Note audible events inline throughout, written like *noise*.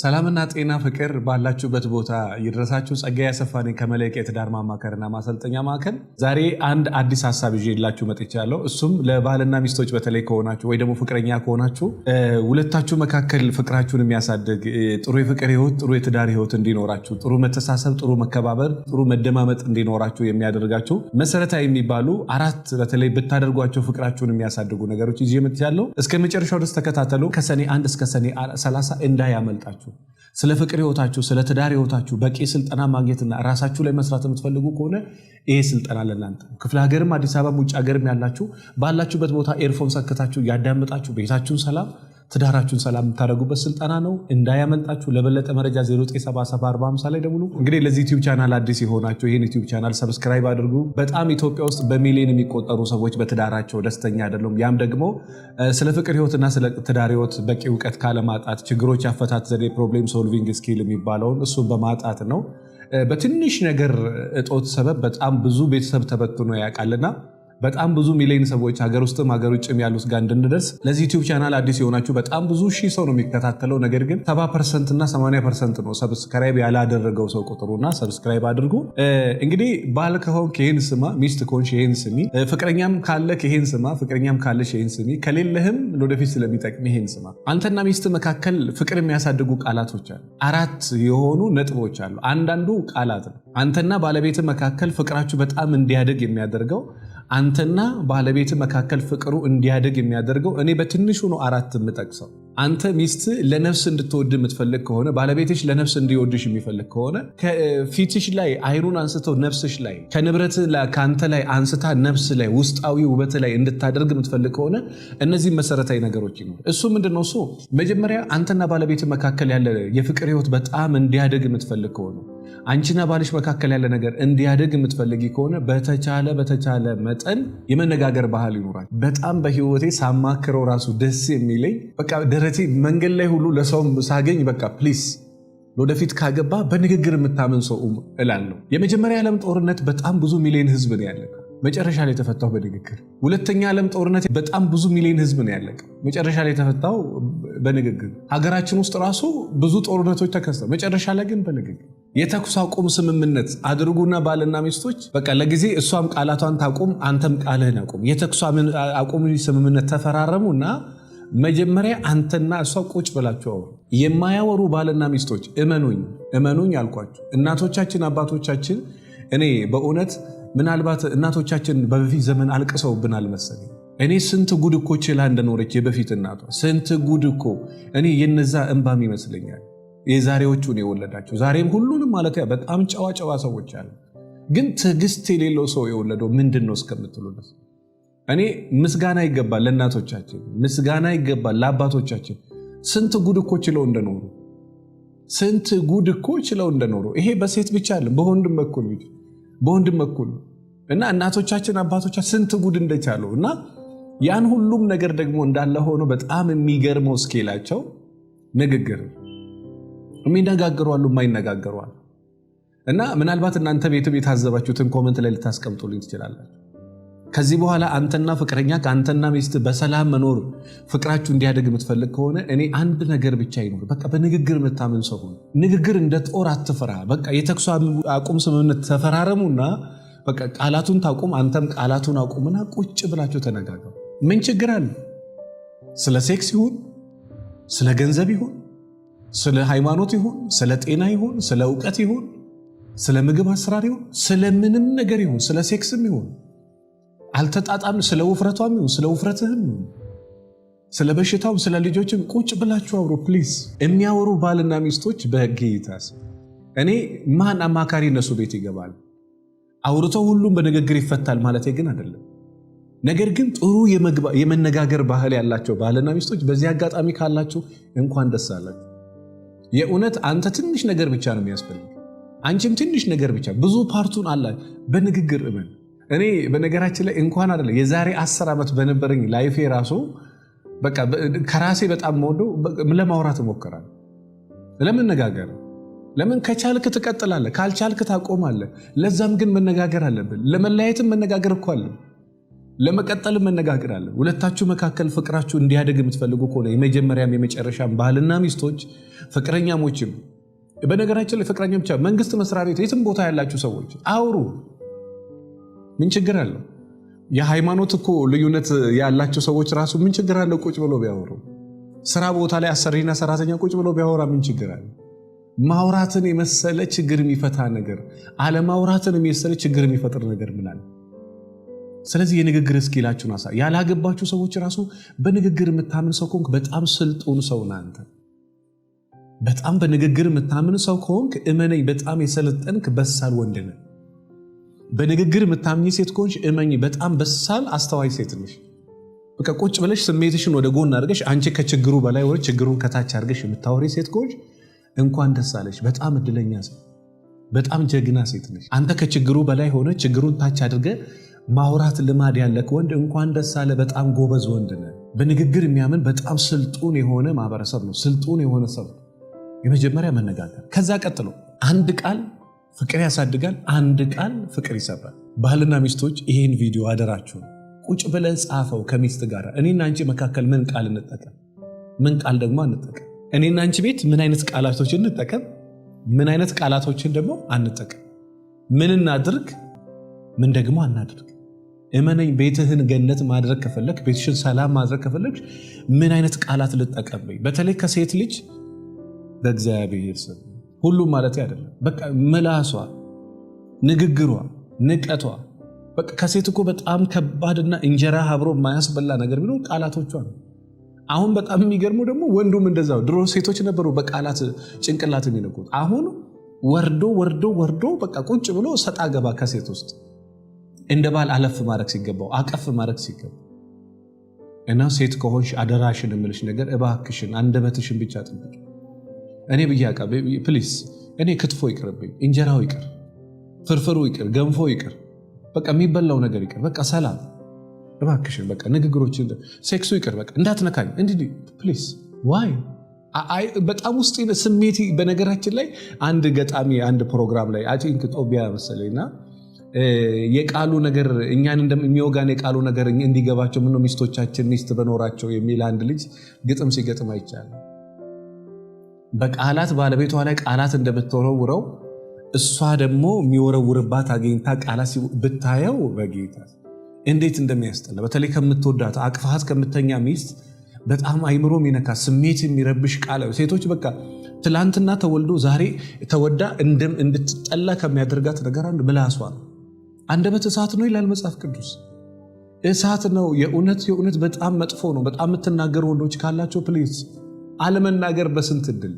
ሰላምና ጤና ፍቅር ባላችሁበት ቦታ ይድረሳችሁ። ጸጋ ያሰፋኔ ነኝ ከመልሕቅ የትዳር ማማከርና ማሰልጠኛ ማዕከል። ዛሬ አንድ አዲስ ሀሳብ ይዤላችሁ መጥቻለሁ። እሱም ለባልና ሚስቶች በተለይ ከሆናችሁ ወይ ደግሞ ፍቅረኛ ከሆናችሁ ሁለታችሁ መካከል ፍቅራችሁን የሚያሳድግ ጥሩ የፍቅር ህይወት፣ ጥሩ የትዳር ህይወት እንዲኖራችሁ፣ ጥሩ መተሳሰብ፣ ጥሩ መከባበር፣ ጥሩ መደማመጥ እንዲኖራችሁ የሚያደርጋችሁ መሰረታዊ የሚባሉ አራት በተለይ ብታደርጓቸው ፍቅራችሁን የሚያሳድጉ ነገሮች ይዤ መጥቻለሁ። እስከ መጨረሻው ድረስ ተከታተሉ። ከሰኔ አንድ እስከ ሰኔ ሰላሳ እንዳያመልጣችሁ ህይወታችሁ፣ ስለ ፍቅር ህይወታችሁ፣ ስለ ትዳር ህይወታችሁ በቂ ስልጠና ማግኘትና ራሳችሁ ላይ መስራት የምትፈልጉ ከሆነ ይሄ ስልጠና ለእናንተ ክፍለ ሀገርም አዲስ አበባም ውጭ ሀገርም ያላችሁ ባላችሁበት ቦታ ኤርፎን ሰክታችሁ ያዳምጣችሁ ቤታችሁን ሰላም ትዳራችሁን ሰላም የምታደርጉበት ስልጠና ነው። እንዳያመልጣችሁ። ለበለጠ መረጃ 0974 ላይ ደውሉ። እንግዲህ ለዚህ ዩቲዩብ ቻናል አዲስ የሆናችሁ ይህን ዩቲዩብ ቻናል ሰብስክራይብ አድርጉ። በጣም ኢትዮጵያ ውስጥ በሚሊዮን የሚቆጠሩ ሰዎች በትዳራቸው ደስተኛ አይደሉም። ያም ደግሞ ስለ ፍቅር ህይወትና ስለ ትዳር ህይወት በቂ እውቀት ካለማጣት፣ ችግሮች አፈታት ዘዴ ፕሮብሌም ሶልቪንግ ስኪል የሚባለውን እሱን በማጣት ነው። በትንሽ ነገር እጦት ሰበብ በጣም ብዙ ቤተሰብ ተበትኖ ያውቃልና በጣም ብዙ ሚሊዮን ሰዎች ሀገር ውስጥም ሀገር ውጭም ያሉት ጋር እንድንደርስ ለዚህ ዩቲዩብ ቻናል አዲስ የሆናችሁ በጣም ብዙ ሺህ ሰው ነው የሚከታተለው። ነገር ግን ሰባ ፐርሰንት እና ሰማንያ ፐርሰንት ነው ሰብስክራይብ ያላደረገው ሰው ቁጥሩና ሰብስክራይብ አድርጉ። እንግዲህ ባል ከሆንክ ይህን ስማ፣ ሚስት ከሆንሽ ይህን ስሚ፣ ፍቅረኛም ካለክ ይህን ስማ፣ ፍቅረኛም ካለሽ ይህን ስሚ፣ ከሌለህም ለወደፊት ስለሚጠቅም ይህን ስማ። አንተና ሚስት መካከል ፍቅር የሚያሳድጉ ቃላቶች አሉ። አራት የሆኑ ነጥቦች አሉ። አንዳንዱ ቃላት ነው። አንተና ባለቤት መካከል ፍቅራችሁ በጣም እንዲያደግ የሚያደርገው አንተና ባለቤት መካከል ፍቅሩ እንዲያደግ የሚያደርገው እኔ በትንሹ ነው አራት የምጠቅሰው። አንተ ሚስት ለነፍስ እንድትወድ የምትፈልግ ከሆነ ባለቤትሽ ለነፍስ እንዲወድሽ የሚፈልግ ከሆነ ከፊትሽ ላይ አይኑን አንስተው ነፍስሽ ላይ ከንብረት ከአንተ ላይ አንስታ ነፍስ ላይ ውስጣዊ ውበት ላይ እንድታደርግ የምትፈልግ ከሆነ እነዚህ መሰረታዊ ነገሮች ነው። እሱ ምንድን ነው? እሱ መጀመሪያ አንተና ባለቤት መካከል ያለ የፍቅር ህይወት በጣም እንዲያደግ የምትፈልግ ከሆነ አንቺና ባልሽ መካከል ያለ ነገር እንዲያደግ የምትፈልጊ ከሆነ በተቻለ በተቻለ መጠን የመነጋገር ባህል ይኖራል። በጣም በህይወቴ ሳማክረው ራሱ ደስ የሚለኝ በቃ ደረቴ መንገድ ላይ ሁሉ ለሰውም ሳገኝ በቃ ፕሊስ ወደፊት ካገባ በንግግር የምታምን ሰው እላለሁ። የመጀመሪያ ዓለም ጦርነት በጣም ብዙ ሚሊዮን ህዝብ ነው ያለቀው፣ መጨረሻ ላይ የተፈታው በንግግር። ሁለተኛ ዓለም ጦርነት በጣም ብዙ ሚሊዮን ህዝብ ነው ያለቀ፣ መጨረሻ ላይ የተፈታው በንግግር። ሀገራችን ውስጥ ራሱ ብዙ ጦርነቶች ተከስተው፣ መጨረሻ ላይ ግን በንግግር የተኩስ አቁም ስምምነት አድርጉና ባልና ሚስቶች በቃ ለጊዜ እሷም ቃላቷን ታቁም፣ አንተም ቃልህን አቁም። የተኩስ አቁም ስምምነት ተፈራረሙና መጀመሪያ አንተና እሷ ቁጭ ብላችሁ አውሩ። የማያወሩ ባልና ሚስቶች እመኑኝ፣ እመኑኝ አልኳችሁ። እናቶቻችን አባቶቻችን፣ እኔ በእውነት ምናልባት እናቶቻችን በበፊት ዘመን አልቅሰውብናል መሰለኝ። እኔ ስንት ጉድ እኮ ችላ እንደኖረች የበፊት እናቷ፣ ስንት ጉድ እኮ እኔ የነዛ እንባም ይመስለኛል። ነው የወለዳቸው ዛሬም ሁሉንም ማለት በጣም ጨዋ ጨዋ ሰዎች አሉ። ግን ትዕግስት የሌለው ሰው የወለደው ምንድን ነው እስከምትሉ ድረስ እኔ ምስጋና ይገባል ለእናቶቻችን፣ ምስጋና ይገባል ለአባቶቻችን። ስንት ጉድ እኮ ችለው እንደኖሩ ስንት ጉድ እኮ ችለው እንደኖሩ። ይሄ በሴት ብቻ አለም በወንድም በኩል በወንድም በኩል እና እናቶቻችን አባቶቻ ስንት ጉድ እንደቻሉ እና ያን ሁሉም ነገር ደግሞ እንዳለ ሆኖ በጣም የሚገርመው እስኪላቸው ንግግር የሚነጋገሩ አሉ፣ የማይነጋገሩ አሉ። እና ምናልባት እናንተ ቤትም የታዘባችሁትን ኮመንት ላይ ልታስቀምጡልኝ ትችላለን። ከዚህ በኋላ አንተና ፍቅረኛ ከአንተና ሚስት በሰላም መኖር ፍቅራችሁ እንዲያደግ የምትፈልግ ከሆነ እኔ አንድ ነገር ብቻ ይኖር፣ በቃ በንግግር የምታምን ሰው ሁን። ንግግር እንደ ጦር አትፍራ። በቃ የተኩስ አቁም ስምምነት ተፈራረሙና በቃ ቃላቱን ታቁም፣ አንተም ቃላቱን አቁምና ቁጭ ብላችሁ ተነጋገሩ። ምን ችግር አለ? ስለ ሴክስ ይሁን ስለ ገንዘብ ይሁን ስለ ሃይማኖት ይሁን ስለ ጤና ይሁን ስለ እውቀት ይሁን ስለ ምግብ አሰራር ይሁን ስለ ምንም ነገር ይሁን ስለ ሴክስም ይሁን አልተጣጣም፣ ስለ ውፍረቷም ይሁን ስለ ውፍረትህም ስለ በሽታውም ስለ ልጆችም ቁጭ ብላችሁ አውሩ ፕሊዝ። የሚያወሩ ባልና ሚስቶች በህግ ይታስ። እኔ ማን አማካሪ እነሱ ቤት ይገባል። አውርተው ሁሉም በንግግር ይፈታል ማለት ግን አይደለም። ነገር ግን ጥሩ የመነጋገር ባህል ያላቸው ባልና ሚስቶች በዚህ አጋጣሚ ካላችሁ እንኳን ደስ አላችሁ። የእውነት አንተ ትንሽ ነገር ብቻ ነው የሚያስፈልግ፣ አንቺም ትንሽ ነገር ብቻ። ብዙ ፓርቱን አላ በንግግር እመን። እኔ በነገራችን ላይ እንኳን አይደለም የዛሬ አስር ዓመት በነበረኝ ላይፌ ራሱ በቃ ከራሴ በጣም መወደው ለማውራት እሞክራለሁ፣ ለመነጋገር ለምን ከቻልክ ትቀጥላለህ፣ ካልቻልክ ታቆማለህ። ለዛም ግን መነጋገር አለብን። ለመለያየትም መነጋገር እኮ አለ። ለመቀጠል መነጋገራለን። ሁለታችሁ መካከል ፍቅራችሁ እንዲያደግ የምትፈልጉ ከሆነ የመጀመሪያም የመጨረሻም ባልና ሚስቶች ፍቅረኛሞችም፣ በነገራችን ላይ ፍቅረኛ ብቻ መንግስት መስሪያ ቤት የትም ቦታ ያላችሁ ሰዎች አውሩ። ምን ችግር አለው? የሃይማኖት እኮ ልዩነት ያላቸው ሰዎች ራሱ ምን ችግር አለው? ቁጭ ብሎ ቢያወሩ። ስራ ቦታ ላይ አሰሪና ሰራተኛ ቁጭ ብሎ ቢያወራ ምን ችግር አለው? ማውራትን የመሰለ ችግር የሚፈታ ነገር፣ አለማውራትን የመሰለ ችግር የሚፈጥር ነገር ምናል ስለዚህ የንግግር እስኪላችሁን አሳ ያላገባችሁ ሰዎች ራሱ በንግግር የምታምን ሰው ከሆንክ በጣም ስልጡን ሰው ናንተ። በጣም በንግግር የምታምን ሰው ከሆንክ እመነኝ፣ በጣም የሰለጠንክ በሳል ወንድ ነህ። በንግግር የምታምኝ ሴት ከሆንሽ እመኝ፣ በጣም በሳል አስተዋይ ሴት ነሽ። በቃ ቁጭ ብለሽ ስሜትሽን ወደ ጎን አድርገሽ አንቺ ከችግሩ በላይ ወ ችግሩን ከታች አድርገሽ የምታወሪ ሴት ከሆንሽ እንኳን ደስ አለሽ። በጣም እድለኛ ሴት፣ በጣም ጀግና ሴት ነሽ። አንተ ከችግሩ በላይ ሆነ ችግሩን ታች አድርገ ማውራት ልማድ ያለክ ወንድ እንኳን ደስ አለ። በጣም ጎበዝ ወንድ ነ በንግግር የሚያምን በጣም ስልጡን የሆነ ማህበረሰብ ነው። ስልጡን የሆነ ሰው የመጀመሪያ መነጋገር፣ ከዛ ቀጥሎ አንድ ቃል ፍቅር ያሳድጋል፣ አንድ ቃል ፍቅር ይሰብራል። ባልና ሚስቶች ይሄን ቪዲዮ አደራችሁ ቁጭ ብለህ ጻፈው ከሚስት ጋር። እኔና አንቺ መካከል ምን ቃል እንጠቀም፣ ምን ቃል ደግሞ አንጠቀም። እኔና አንቺ ቤት ምን አይነት ቃላቶች እንጠቀም፣ ምን አይነት ቃላቶችን ደግሞ አንጠቀም። ምን እናድርግ፣ ምን ደግሞ አናድርግ እመነኝ ቤትህን ገነት ማድረግ ከፈለግ ቤትሽን ሰላም ማድረግ ከፈለግ ምን አይነት ቃላት ልጠቀምኝ? በተለይ ከሴት ልጅ በእግዚአብሔር ስም ሁሉም ማለት አይደለም። በቃ ምላሷ፣ ንግግሯ፣ ንቀቷ በቃ ከሴት እኮ በጣም ከባድና እንጀራ አብሮ የማያስበላ ነገር ቢኖር ቃላቶቿ ነው። አሁን በጣም የሚገርመው ደግሞ ወንዱም እንደዛው። ድሮ ሴቶች ነበሩ በቃላት ጭንቅላት የሚነቁት። አሁን ወርዶ ወርዶ ወርዶ በቃ ቁጭ ብሎ ሰጣ ገባ ከሴት ውስጥ እንደ ባል አለፍ ማድረግ ሲገባው አቀፍ ማድረግ ሲገባ እና ሴት ከሆንሽ አደራሽን የምልሽ ነገር እባክሽን አንደበትሽን ብቻ ጥብቅ። እኔ ብያ ፕሊስ፣ እኔ ክትፎ ይቅርብኝ፣ እንጀራው ይቅር፣ ፍርፍሩ ይቅር፣ ገንፎ ይቅር፣ በቃ የሚበላው ነገር ይቅር። በቃ ሰላም እባክሽን፣ በቃ ንግግሮችን፣ ሴክሱ ይቅር፣ በቃ እንዳትነካኝ እንዲ ፕሊስ። ዋይ በጣም ውስጥ ስሜት በነገራችን ላይ አንድ ገጣሚ አንድ ፕሮግራም ላይ አጭንክ ጦቢያ መሰለኝና የቃሉ ነገር እኛን እንደሚወጋን የቃሉ ነገር እንዲገባቸው ምነው ሚስቶቻችን ሚስት በኖራቸው የሚል አንድ ልጅ ግጥም ሲገጥም አይቻለ። በቃላት ባለቤቷ ላይ ቃላት እንደምትወረውረው እሷ ደግሞ የሚወረውርባት አግኝታ ቃላት ብታየው በጌታ እንዴት እንደሚያስጠላ በተለይ ከምትወዳት አቅፋት ከምተኛ ሚስት በጣም አይምሮ የሚነካ ስሜት የሚረብሽ ቃለ ሴቶች በቃ ትላንትና ተወልዶ ዛሬ ተወዳ እንድትጠላ ከሚያደርጋት ነገር አንዱ ምላሷ ነው። አንደበት እሳት ነው ይላል መጽሐፍ ቅዱስ። እሳት ነው። የእውነት የእውነት በጣም መጥፎ ነው። በጣም የምትናገሩ ወንዶች ካላቸው ፕሊዝ አለመናገር በስንት እድል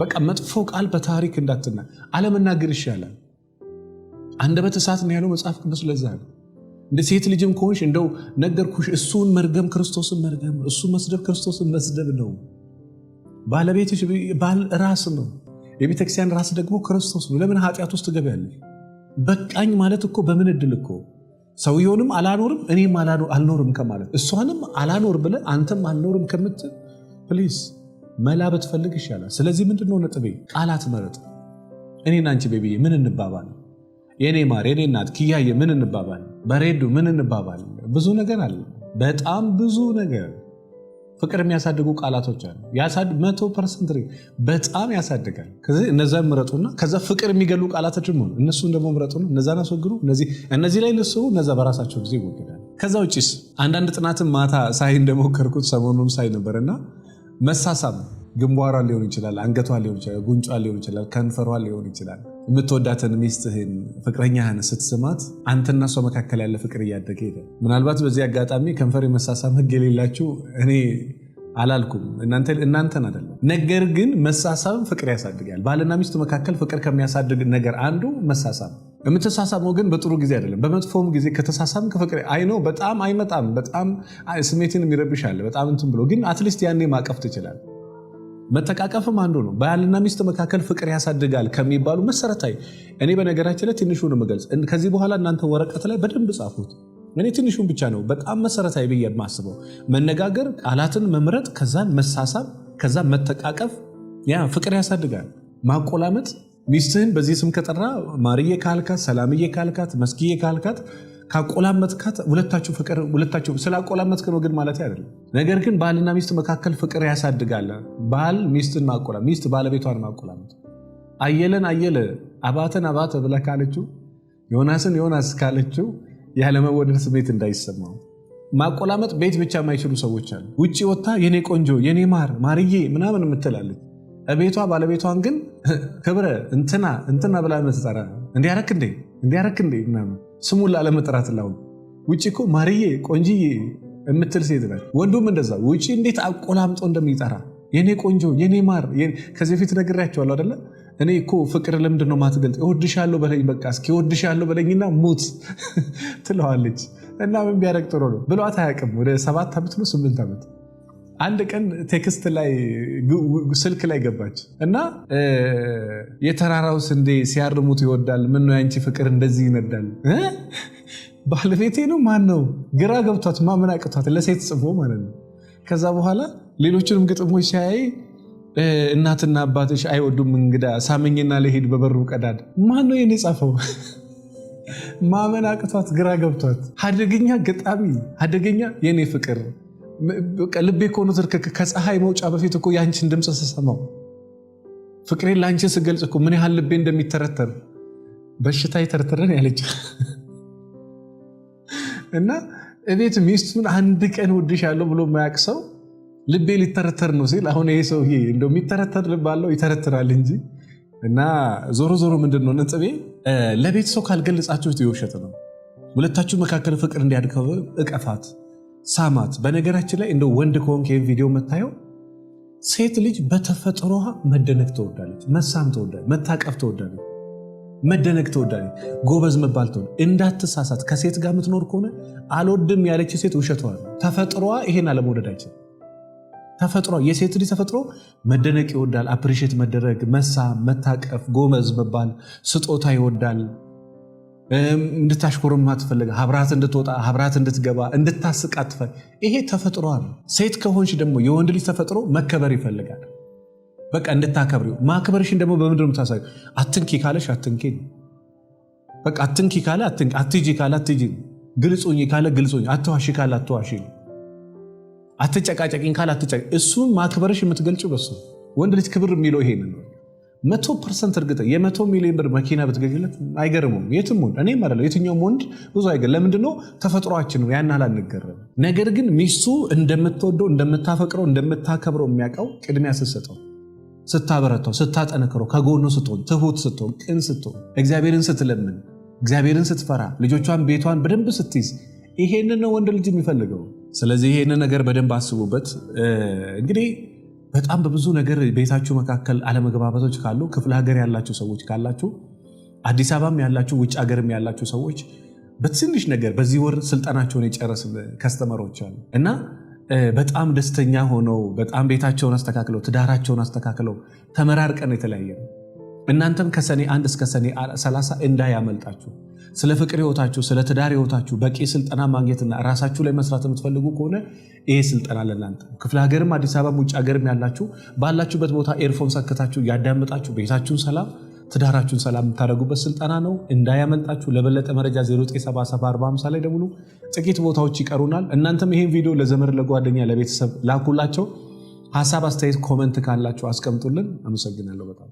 በቃ መጥፎ ቃል በታሪክ እንዳትና አለመናገር ይሻላል። አንደበት እሳት ነው ያለው መጽሐፍ ቅዱስ። ለዛ ነው እንደ ሴት ልጅም ከሆንሽ እንደው ነገርኩሽ፣ እሱን መርገም ክርስቶስን መርገም፣ እሱ መስደብ ክርስቶስን መስደብ ነው። ባለቤትሽ ባል ራስ ነው። የቤተክርስቲያን ራስ ደግሞ ክርስቶስ ነው። ለምን ኃጢአት ውስጥ ትገቢያለሽ? በቃኝ ማለት እኮ በምን እድል እኮ ሰውየውንም አላኖርም እኔም አልኖርም ከማለት እሷንም አላኖር ብለ አንተም አልኖርም ከምትል ፕሊዝ መላ ብትፈልግ ይሻላል። ስለዚህ ምንድነው ነጥቤ? ቃላት መረጥ። እኔና አንቺ ቤቢዬ ምን እንባባል? የኔ ማር፣ የኔ እናት ክያየ ምን እንባባል? በሬዱ ምን እንባባል? ብዙ ነገር አለ፣ በጣም ብዙ ነገር ፍቅር የሚያሳድጉ ቃላቶች አሉ። መቶ ፐርሰንት በጣም ያሳድጋል። ከዚህ እነዛን ምረጡና ከዛ ፍቅር የሚገሉ ቃላቶች ሆኑ እነሱን ደግሞ ምረጡና እነዛን አስወግዱ። እነዚህ ላይ ልስቡ፣ እነዛ በራሳቸው ጊዜ ይወግዳል። ከዛ ውጭስ አንዳንድ ጥናትን ማታ ሳይ እንደሞከርኩት ሰሞኑም ሳይ ነበርና መሳሳም ግንባሯ ሊሆን ይችላል፣ አንገቷ ሊሆን ይችላል፣ ጉንጯ ሊሆን ይችላል፣ ከንፈሯ ሊሆን ይችላል። የምትወዳትን ሚስትህን ፍቅረኛህን ስትስማት አንተና እሷ መካከል ያለ ፍቅር እያደገ ሄደ። ምናልባት በዚህ አጋጣሚ ከንፈር የመሳሳም ህግ የሌላችሁ እኔ አላልኩም እናንተን አይደለም። ነገር ግን መሳሳም ፍቅር ያሳድጋል። ባልና ሚስቱ መካከል ፍቅር ከሚያሳድግ ነገር አንዱ መሳሳም። የምትሳሳመው ግን በጥሩ ጊዜ አይደለም፣ በመጥፎም ጊዜ ከተሳሳም ከፍቅር አይኖ በጣም አይመጣም። በጣም ስሜትን ይረብሻል። በጣም እንትን ብሎ ግን አትሊስት ያኔ ማቀፍ ትችላል። መተቃቀፍም አንዱ ነው። ባልና ሚስት መካከል ፍቅር ያሳድጋል ከሚባሉ መሰረታዊ እኔ በነገራችን ላይ ትንሹን መገልጽ ከዚህ በኋላ እናንተ ወረቀት ላይ በደንብ ጻፉት። እኔ ትንሹን ብቻ ነው በጣም መሰረታዊ ብዬ የማስበው መነጋገር፣ ቃላትን መምረጥ፣ ከዛን መሳሳብ፣ ከዛ መተቃቀፍ ያ ፍቅር ያሳድጋል። ማቆላመጥ ሚስትህን በዚህ ስም ከጠራ ማርዬ ካልካት፣ ሰላምዬ ካልካት፣ መስኪዬ ካልካት ካቆላመጥካት ሁለታችሁ ፍቅር ሁለታችሁ ስላቆላመጥክ ነው ግን ማለት አይደለም። ነገር ግን ባልና ሚስት መካከል ፍቅር ያሳድጋል። ባል ሚስትን ማቆላ ሚስት ባለቤቷን ማቆላመጥ አየለን አየለ አባተን አባተ ብላ ካለችው ዮናስን ዮናስ ካለችው ያለመወደድ ስሜት እንዳይሰማው ማቆላመጥ ቤት ብቻ የማይችሉ ሰዎች አሉ። ውጭ ወጥታ የኔ ቆንጆ የኔ ማር ማርዬ ምናምን የምትላለች ቤቷ ባለቤቷን ግን ክብረ እንትና እንትና ብላ የምትጠራ እንዲያረክ እንዴ እንዲያረክ እንዴ ምናምን ስሙን ላለመጥራት ላሁ ውጭ እኮ ማርዬ ቆንጅዬ የምትል ሴት ናት። ወንዱም እንደዛ ውጭ እንዴት አቆላምጦ እንደሚጠራ የኔ ቆንጆ የኔ ማር። ከዚህ በፊት ነግሬያቸዋለሁ አደለ እኔ እኮ ፍቅር ለምንድን ነው ማትገልጥ? እወድሻለሁ በለኝ በቃ እስኪ እወድሻለሁ በለኝና ሙት *laughs* ትለዋለች። እና ምን ቢያደርግ ጥሩ ነው ብሏት አያውቅም። ወደ ሰባት ዓመት ነው ስምንት ዓመት አንድ ቀን ቴክስት ላይ ስልክ ላይ ገባች እና የተራራው ስንዴ ሲያርሙት ይወዳል፣ ነው ያንቺ ፍቅር እንደዚህ ይነዳል። ባለቤቴ ነው ማን ነው? ግራ ገብቷት ማመን አቅቷት ለሴት ጽፎ ማለት ነው። ከዛ በኋላ ሌሎችንም ግጥሞች ሲያይ እናትና አባትሽ አይወዱም እንግዳ ሳመኝና ለሄድ በበሩ ቀዳድ ማን ነው የኔ ጻፈው? ማመን አቅቷት ግራ ገብቷት አደገኛ ገጣሚ አደገኛ የኔ ፍቅር ልቤ ከሆኑ ከፀሐይ መውጫ በፊት እኮ የአንችን ድምፅ ስሰማው ፍቅሬን ለአንቺ ስገልጽ እኮ ምን ያህል ልቤ እንደሚተረተር በሽታ ይተርትረን ያለች እና እቤት ሚስቱን አንድ ቀን ወድሻለሁ ብሎ የማያውቅ ሰው ልቤ ሊተረተር ነው ሲል፣ አሁን ይሄ ሰውዬ እንደው የሚተረተር ልብ አለው ይተረትራል እንጂ እና ዞሮ ዞሮ ምንድን ነው ነጥቤ፣ ለቤት ሰው ካልገለጻችሁት የውሸት ነው። ሁለታችሁ መካከል ፍቅር እንዲያድከው እቀፋት ሳማት። በነገራችን ላይ እንደ ወንድ ከሆንክ ይህን ቪዲዮ የምታየው ሴት ልጅ በተፈጥሯ መደነቅ ትወዳለች፣ መሳም ትወዳለች፣ መታቀፍ ትወዳለች፣ መደነቅ ትወዳለች፣ ጎበዝ መባል ትወዳ። እንዳትሳሳት ከሴት ጋር የምትኖር ከሆነ አልወድም ያለች ሴት ውሸቷ ነው። ተፈጥሯ ይሄን አይችል። ተፈጥሮ የሴት ልጅ ተፈጥሮ መደነቅ ይወዳል፣ አፕሪሼት መደረግ፣ መሳም፣ መታቀፍ፣ ጎበዝ መባል፣ ስጦታ ይወዳል። እንድታሽኮርማ አትፈልግ፣ ሀብራት እንድትወጣ ሀብራት እንድትገባ እንድታስቅ አትፈልግ። ይሄ ተፈጥሮ ሴት ከሆንሽ ደግሞ የወንድ ልጅ ተፈጥሮ መከበር ይፈልጋል። በቃ እንድታከብሪው። ማክበርሽን ደግሞ በምንድን ነው የምታሳዩ? አትንኪ ካለሽ አትንኪ፣ በቃ አትንኪ ካለ አትጂ ካለ አትጂ፣ ግልጹኝ ካለ ግልጹኝ፣ አትዋሺ ካለ አትዋሺ፣ አትጨቃጨቂኝ ካለ አትጨቃ። እሱን ማክበርሽ የምትገልጭው በሱ ወንድ ልጅ ክብር የሚለው ይሄ ነው። መቶ ፐርሰንት እርግጠ የመቶ ሚሊዮን ብር መኪና ብትገኝለት አይገርሙም። የትም ወንድ እኔም አይደለም የትኛውም ወንድ ብዙ አይገርም። ለምንድነው? ተፈጥሯችን ነው፣ ያን ያህል ነገር ግን ሚስቱ እንደምትወደው እንደምታፈቅረው እንደምታከብረው የሚያውቀው ቅድሚያ ስትሰጠው፣ ስታበረታው፣ ስታጠነክረው፣ ከጎኑ ስትሆን፣ ትሁት ስትሆን፣ ቅን ስትሆን፣ እግዚአብሔርን ስትለምን፣ እግዚአብሔርን ስትፈራ፣ ልጆቿን ቤቷን በደንብ ስትይዝ፣ ይሄንን ነው ወንድ ልጅ የሚፈልገው። ስለዚህ ይሄንን ነገር በደንብ አስቡበት እንግዲህ በጣም በብዙ ነገር ቤታችሁ መካከል አለመግባባቶች ካሉ ክፍለ ሀገር ያላችሁ ሰዎች ካላችሁ አዲስ አበባም ያላችሁ ውጭ ሀገርም ያላችሁ ሰዎች በትንሽ ነገር በዚህ ወር ስልጠናቸውን የጨረስ ከስተመሮች አሉ እና በጣም ደስተኛ ሆነው በጣም ቤታቸውን አስተካክለው ትዳራቸውን አስተካክለው ተመራርቀን የተለያየ ነው። እናንተም ከሰኔ አንድ እስከ ሰኔ 30 እንዳያመልጣችሁ። ስለ ፍቅር ህይወታችሁ፣ ስለ ትዳር ህይወታችሁ በቂ ስልጠና ማግኘትና ራሳችሁ ላይ መስራት የምትፈልጉ ከሆነ ይሄ ስልጠና ለእናንተ ክፍለ ሀገርም፣ አዲስ አበባም፣ ውጭ ሀገርም ያላችሁ ባላችሁበት ቦታ ኤርፎን ሰክታችሁ ያዳምጣችሁ ቤታችሁን ሰላም ትዳራችሁን ሰላም የምታደርጉበት ስልጠና ነው። እንዳያመልጣችሁ። ለበለጠ መረጃ 0974 ላይ ደውሉ። ጥቂት ቦታዎች ይቀሩናል። እናንተም ይህን ቪዲዮ ለዘመድ ለጓደኛ፣ ለቤተሰብ ላኩላቸው። ሀሳብ አስተያየት፣ ኮመንት ካላችሁ አስቀምጡልን። አመሰግናለሁ በጣም